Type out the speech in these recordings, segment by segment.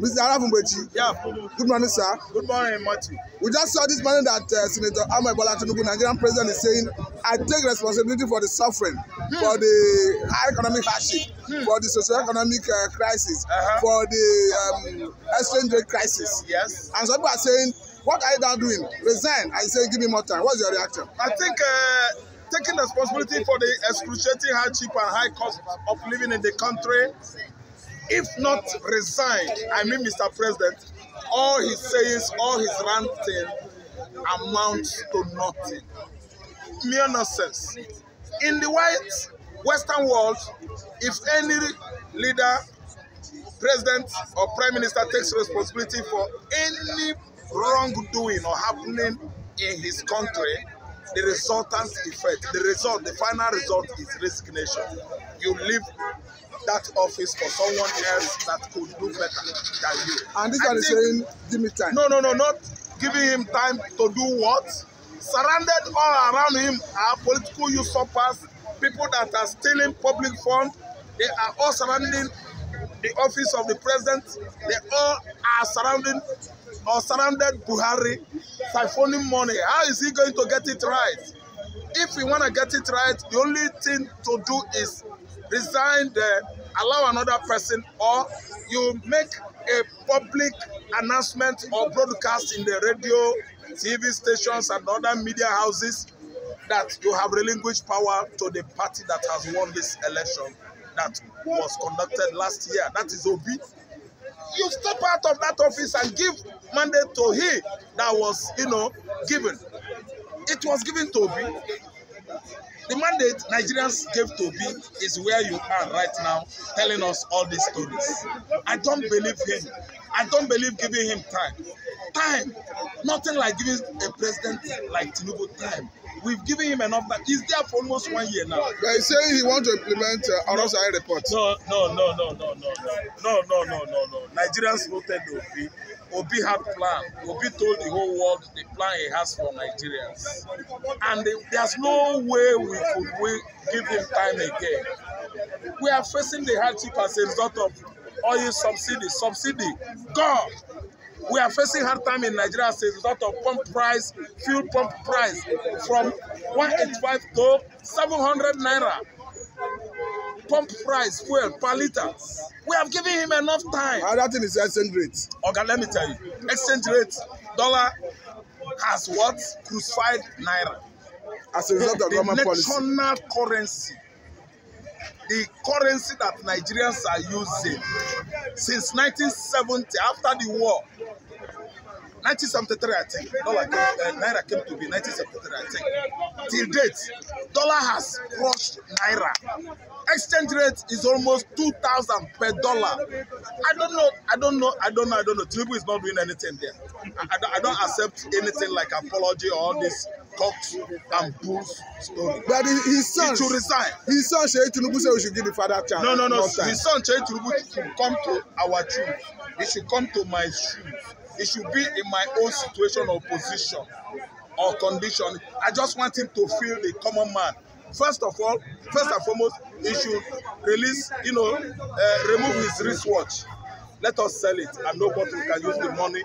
Mr. Arafumbechi. Yeah. Good morning, sir. Good morning, Marty. We just saw this morning that uh, Senator Ahmed Bola Tinubu, Nigerian president, is saying, I take responsibility for the suffering, hmm. for the high economic hardship, hmm. for the socioeconomic uh, crisis, uh-huh. for the um, exchange rate crisis. Yes. And some people are saying, what are you now doing? Resign. I say, give me more time. What's your reaction? I think uh, taking responsibility for the excruciating hardship and high cost of living in the country if not resign, I mean, Mr. President, all his sayings, all his ranting amounts to nothing. Mere nonsense. In the white Western world, if any leader, president, or prime minister takes responsibility for any wrongdoing or happening in his country, the resultant effect, the result, the final result is resignation. You leave that office for someone else that could do better than you. And this I is saying, give me time. No, no, no, not giving him time to do what? Surrounded all around him are political usurpers, people that are stealing public funds. They are all surrounding the office of the president. They all are surrounding or surrounded Buhari, siphoning money. How is he going to get it right? If you want to get it right, the only thing to do is resign them, allow another person, or you make a public announcement or broadcast in the radio, TV stations, and other media houses that you have relinquished power to the party that has won this election that was conducted last year. That is Obi. You step out of that office and give mandate to he that was, you know, given. It was given to Obi. The mandate Nigerians gave to me is where you are right now, telling us all these stories. I don't believe him. I don't believe giving him time. Time. Nothing like giving a president like Tinubu time. We've given him enough that he's there for almost one year now. They say he wants to implement uh, Arosai no, report. No, no, no, no, no, no, no, no, no, no, no. Nigerians voted Obi. Obi had plan. Obi told the whole world the plan he has for Nigerians. And they, there's no way we could we give him time again. We are facing the hardship as a result of oil subsidy, subsidy, gone we are facing hard time in Nigeria a result of pump price, fuel pump price from one eighty-five to seven hundred naira pump price fuel per litre. We have given him enough time. Another thing is exchange rate. Okay, let me tell you. Exchange rate, dollar has what? Crucified naira. As a result the, of government policy. The national currency the currency that Nigerians are using since 1970 after the war. 1973, I think. Dollar came, uh, Naira came to be 1973, I think. Till date, dollar has crushed Naira. Exchange rate is almost two thousand per dollar. I don't know, I don't know, I don't know, I don't know. Tinubu is not doing anything there. I, I, don't, I don't accept anything like apology or all this talks and proves story. But his son, he should resign. His son Sheyi Tinubu said we should give the father chance. No, no, no. His son Sheyi Tinubu should come to our truth. He should come to my shoes. He should be in my own situation or position or condition. I just want him to feel the common man. First of all, first and foremost, he should release, you know, uh, remove his wristwatch. Let us sell it, and nobody can use the money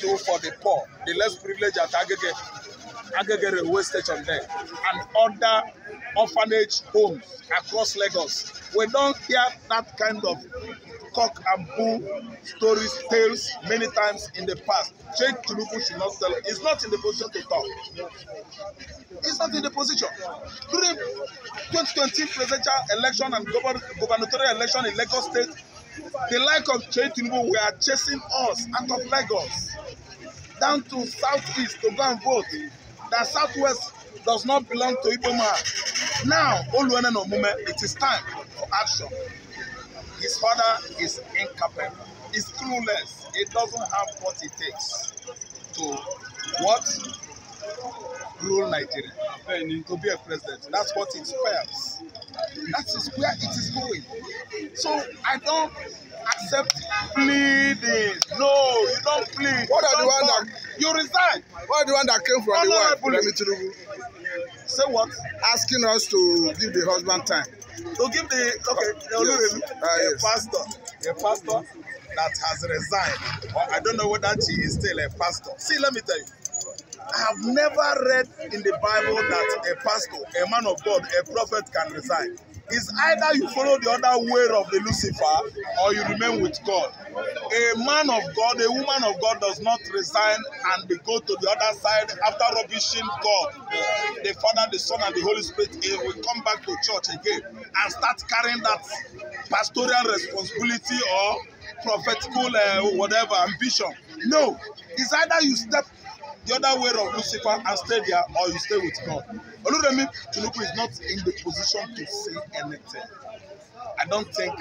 to for the poor, the less privileged at Agege. Agege railway station there and other orphanage homes across Lagos. We don't hear that kind of cock and bull stories, tales many times in the past. Sheikh Tinubu should not tell. He is not in the position to talk. He is not in the position. During 2020 presidential election and gubernatorial election in Lagos State, the like of Sheikh Tinubu were chasing us out of Lagos down to South East to go and vote that Southwest does not belong to Igbo man. Now, Oluwene Nomume, it is time for action. His father is incapable, is clueless. He doesn't have what it takes to what? Rule Nigeria, to be a president. That's what it spells. That is where it is going. So I don't accept pleading. No, you don't plead. What are the one that you resign? What are the one that came from the wife? tell you. Say what? Asking us to give the husband time. To give the okay, yes. uh, yes. a pastor, a pastor that has resigned. Well, I don't know whether she is still a pastor. See, let me tell you. I have never read in the Bible that a pastor, a man of God, a prophet can resign is either you follow the other way of the Lucifer or you remain with God. A man of God, a woman of God does not resign and they go to the other side after rubbishing God, the Father, the Son, and the Holy Spirit. He will come back to church again and start carrying that pastoral responsibility or prophetical uh, whatever ambition. No, it's either you step the other way of Lucifer and stay there or you stay with God. Oluremi Tinubu is not in the position to say anything. I don't think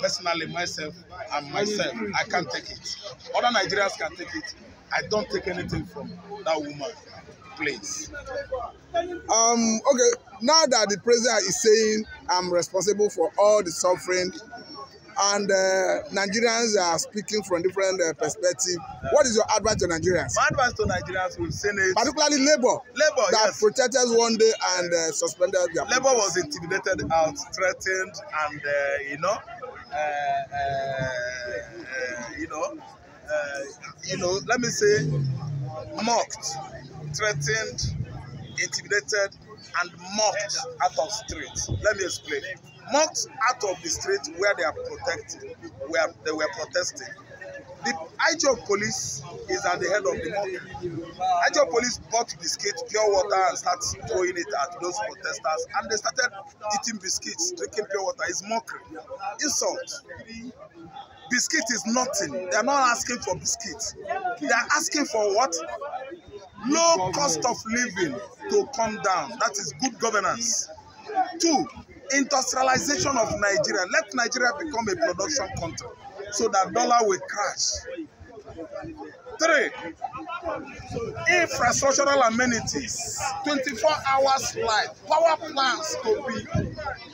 personally myself and myself I can take it. Other Nigerians can take it. I don't take anything from that woman. Please. Um, okay, now that the president is saying I'm responsible for all the suffering and uh, Nigerians are speaking from different uh, perspective. What is your advice to Nigerians? My advice to Nigerians will Senate, particularly Labour, Labour that yes. protested one day and uh, suspended their. Labour was intimidated out, threatened, and uh, you know, uh, uh, uh, you know, uh, you know. Let me say, mocked, threatened, intimidated, and mocked out of streets. Let me explain. Mobs out of the street where they are protecting, where they were protesting. The IGO police is at the head of the mob. IGO police bought biscuits, pure water, and started throwing it at those protesters, and they started eating biscuits, drinking pure water. Is mockery, insult. Biscuit is nothing. They are not asking for biscuits. They are asking for what? Low cost of living to come down. That is good governance. Two, industrialization of Nigeria. Let Nigeria become a production country so that dollar will crash. Three, infrastructural amenities, 24 hours light, power plants to be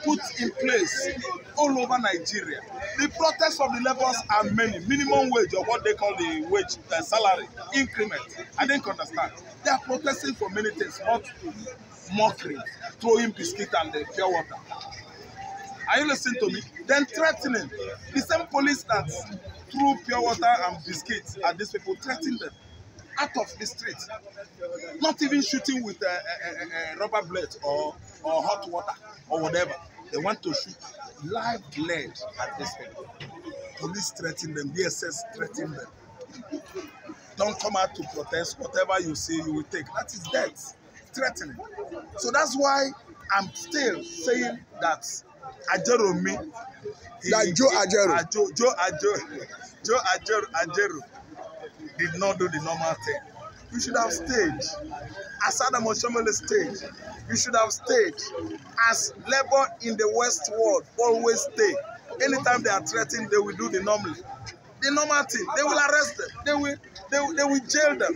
put in place all over Nigeria. The protests of the laborers are many. Minimum wage or what they call the wage, the salary increment. I didn't understand. They are protesting for many things, not mockery, throwing biscuit and the pure water. Are you listening to me? Then threatening. The same police that threw pure water and biscuits at these people, threatening them out of the street, not even shooting with a, a, a, a rubber blade or, or hot water or whatever. They want to shoot live lead at this people. Police threaten them, BSS threaten them. Don't come out to protest. Whatever you say, you will take. That is death, threatening. So that's why I'm still saying that Ajero me. That Joe Ajero. Ah, Joe Ajero. Joe Ajero. Ajero did not do the normal thing. You should have stayed. As Adam Oshomole stayed. You should have stayed. As labor in the West world always stay. Anytime they are threatened, they will do the normal. The normal thing. They will arrest them. They will they, will, they will jail them.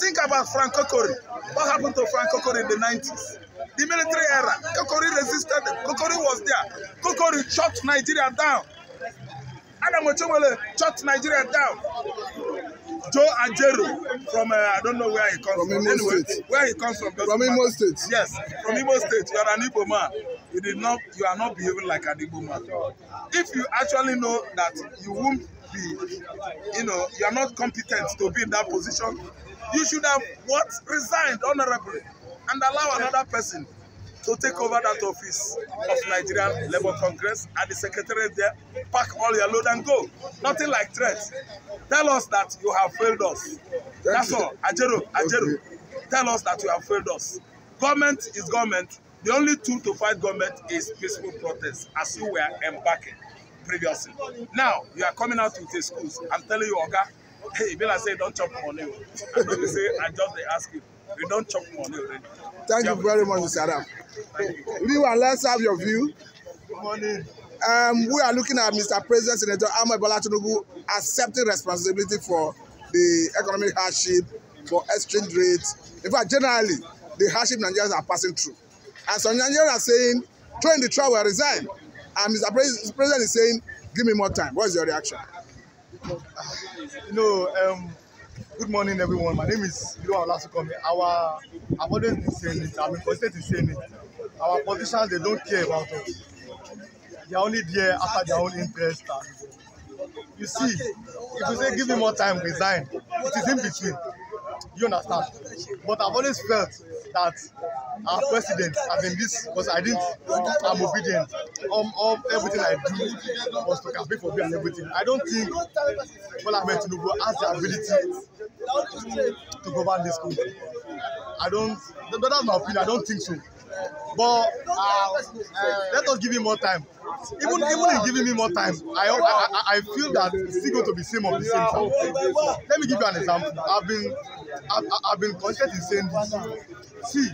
Think about Frank Kokori. What happened to Frank Kokori in the 90s? The military era. Kokori resisted them. Kokori was there. Kokori shot Nigeria down. Adam Oshomole shot Nigeria down. Joe Ajero from uh, I don't know where he comes from. from. Anyway, State. where he comes from. From Imo State. Yes, from Imo State. You are an Igbo man. You did not. You are not behaving like an Igbo man. If you actually know that you won't be, you know, you are not competent to be in that position, you should have what resigned honorably and allow another person to take over that office of Nigerian Labour Congress and the secretariat there, pack all your load and go. Nothing like threats. Tell us that you have failed us. Thank That's you. all. Ajero, Ajero, okay. tell us that you have failed us. Government is government. The only tool to fight government is peaceful protest, as you were embarking previously. Now, you are coming out with the schools. I'm telling you, Oga, hey, Bella say don't chop money. I say, I just ask you. You don't chop money already. Thank you very much, Mr. Adam. Meanwhile, let's have your view. Good morning. Um, we are looking at Mr. President Senator Ahmed Bola Tinubu accepting responsibility for the economic hardship, for exchange rates. In fact, generally, the hardship Nigerians are passing through. And some Nigerians are saying, throw the trial, will resign. And Mr. President is saying, give me more time. What's your reaction? No. um, Good morning, everyone. My name is Iluwa Olasukomi. Our, I've always been saying it. I'm consistent in saying it. Our politicians, they don't care about us. They are only there after their own interest. You see, if you say give me more time, resign, it is in between. You understand? But I've always felt that our president has been this because I didn't, I'm obedient. Um, um, everything I do was to campaign for me and everything. I don't think Bola Ahmed Tinubu has the ability to govern this country. I don't, but that's my opinion. I don't think so. But uh, let us give him more time. Even even in giving me more time, I I, I feel that it's still going to be same of the same. Time. Let me give you an example. I've been I've, I've been constantly saying this. See,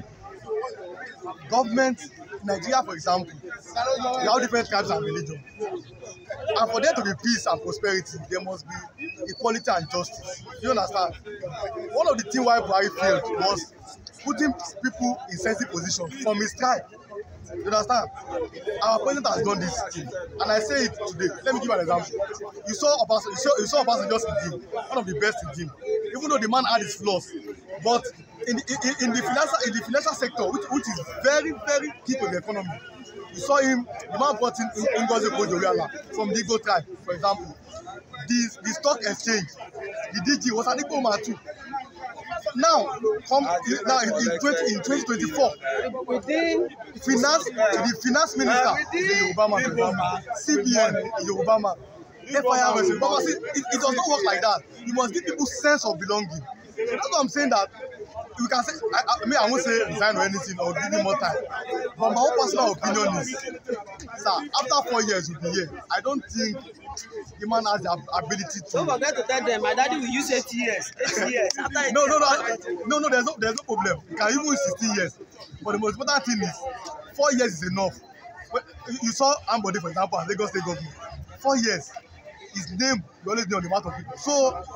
government Nigeria, for example, we have different kinds of religion, and for there to be peace and prosperity, there must be equality and justice you understand one of the things why buhari failed was putting people in sensitive positions from his tribe you understand our president has done this thing and i say it today let me give an example you saw obasanjo you saw you saw obasanjo just redeem one of the best redeem even though the man had his flaws but in the in, in the financial in the financial sector which which is very very key to the economy you saw him the man brought in ngozi okonjo-iweala from the igbo tribe for example the, the stock exchange, the DG was an equal man too. Now, come now in, in, 20, in 2024, within finance, the finance minister is a Yoruba man, CBN is a Yoruba man, FIRS is But see, it, does not work like that. You must give people sense of belonging. That's what I'm saying that we can say I, I mean I won't say resign or anything or give you more time. But my own personal opinion is, sir, after four years you'll be here. I don't think the man has the ability to. Don't forget to tell them, my daddy will use 80 years. 80 years. no, no, no, no, no, there's no, there's no problem. You can even use 60 years. But the most important thing is, four years is enough. When, you saw Ambode, for example, as Lagos State government. Four years, his name, you always know on the mouth of people. So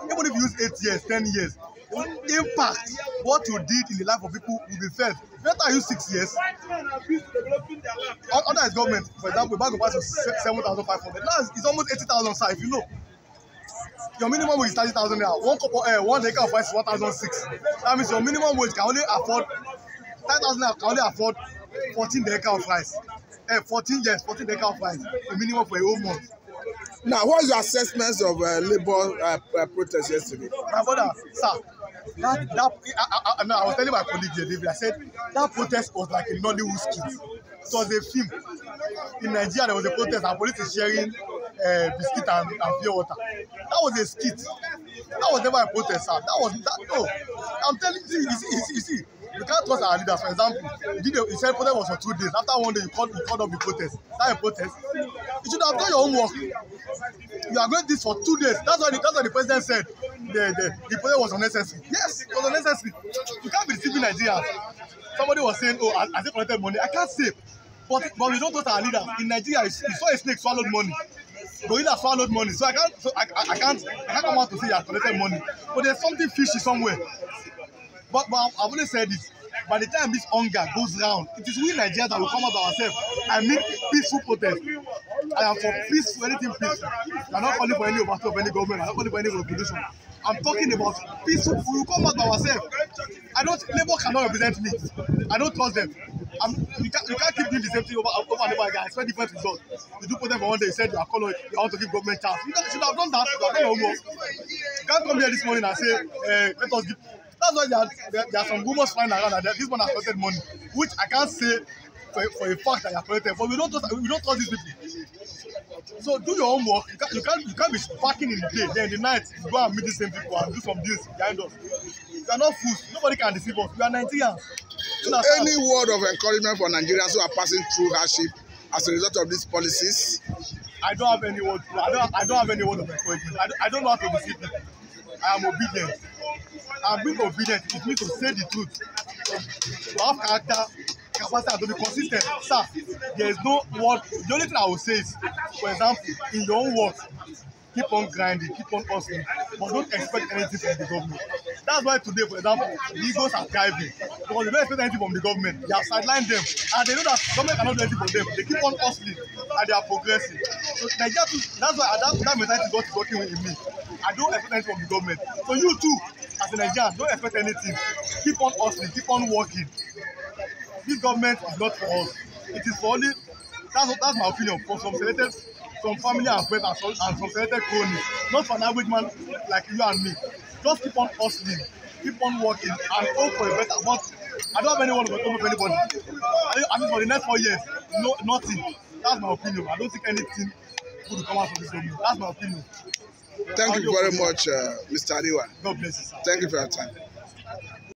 even if you use eight years, ten years, impact what you did in the life of people will be felt better you six years under his government for example bag of rice was seven thousand five hundred now it's almost eighty thousand sir if you know your minimum wage is thirty thousand naira one cup of uh, one acre of rice is one thousand six that means your minimum wage can only afford ten thousand naira can only afford fourteen acre of rice uh, fourteen yes fourteen acre of rice The minimum for a whole month. now what is your assessment of uh, labour uh, protest yesterday. my brother sir that that I, I, no, I was telling my colleague here, David, I said that protest was like a Nollywood skit. It was a film. In Nigeria, there was a protest, and police is sharing uh, biscuit and, and pure water. That was a skit. That was never a protest, sir. That was that. No, I'm telling you, you see, you see, you see you can't trust our leaders. For example, you did a, you said protest was for two days. After one day, you called you called up the protest. That a protest. You should have done your homework. You are going this for two days. That's what the, that's what the president said the, the, the project was unnecessary. Yes, it was unnecessary. You can't be receiving Nigerians. Somebody was saying, oh, I, I collected money. I can't save. But, but we don't trust our leaders. In Nigeria, he saw a snake swallowed money. Gorilla swallowed money. So I can't, so I, I, I can't, I can't come out to say he has collected money. But there's something fishy somewhere. But, but I've only said this. By the time this hunger goes round, it is we Nigerians that will come out ourselves and make peaceful protest. I am for peaceful, anything peaceful. I'm not calling for any overthrow of any government. I'm not calling for any revolution. I'm talking about peaceful. We will come out by ourselves. I don't. Labour cannot represent me. I don't trust them. I'm, you, can't, you can't keep doing the same thing over, over and over again. I expect different results. You do them for one day, you said you are calling, you want to give government chance. You should have done that. You can't come here this morning and say, uh, let us give. That's why there are, there are some rumors flying around that this one has collected money, which I can't say for, for a fact that you have collected. But we don't trust, we don't trust these people. So do your own work. You can't, you can't, you be parking in the day. Then in the night, you go and meet the same people and do some deals behind us. We are not fools. Nobody can deceive us. We are Nigerians. So any word of encouragement for Nigerians who are passing through hardship as a result of these policies? I don't have any word. I don't. I don't have any word of encouragement. I don't, I don't know how to deceive people. I am obedient. And being obedient, it means to say the truth. To have character, capacity and to be consis sir there is no word the only thing i will say is for example in your own work keep on grinding keep on hustling but don't expect anything from the government that's why today for example lagos are thriving because they don't expect anything from the government they have sidelined them and they know that government cannot do anything for them they keep on hustling and they are progressing so naija that's why that that mentality got working with me i don't expect anything from the government so you too as a nigerian don't expect anything keep on hustling keep on working this government is not for us. It is for only, that's, that's my opinion, for some selected, some family and friends and some, and some selected cronies, not for an average man like you and me. Just keep on hustling, keep on working, and hope for a better. But I don't have anyone to come with anybody. I, I mean, for the next four years, no, nothing. That's my opinion. I don't think anything good come out of this government. That's my opinion. Thank How you very opinion? much, uh, Mr. Adiwa. God bless you, sir. Thank you for your time.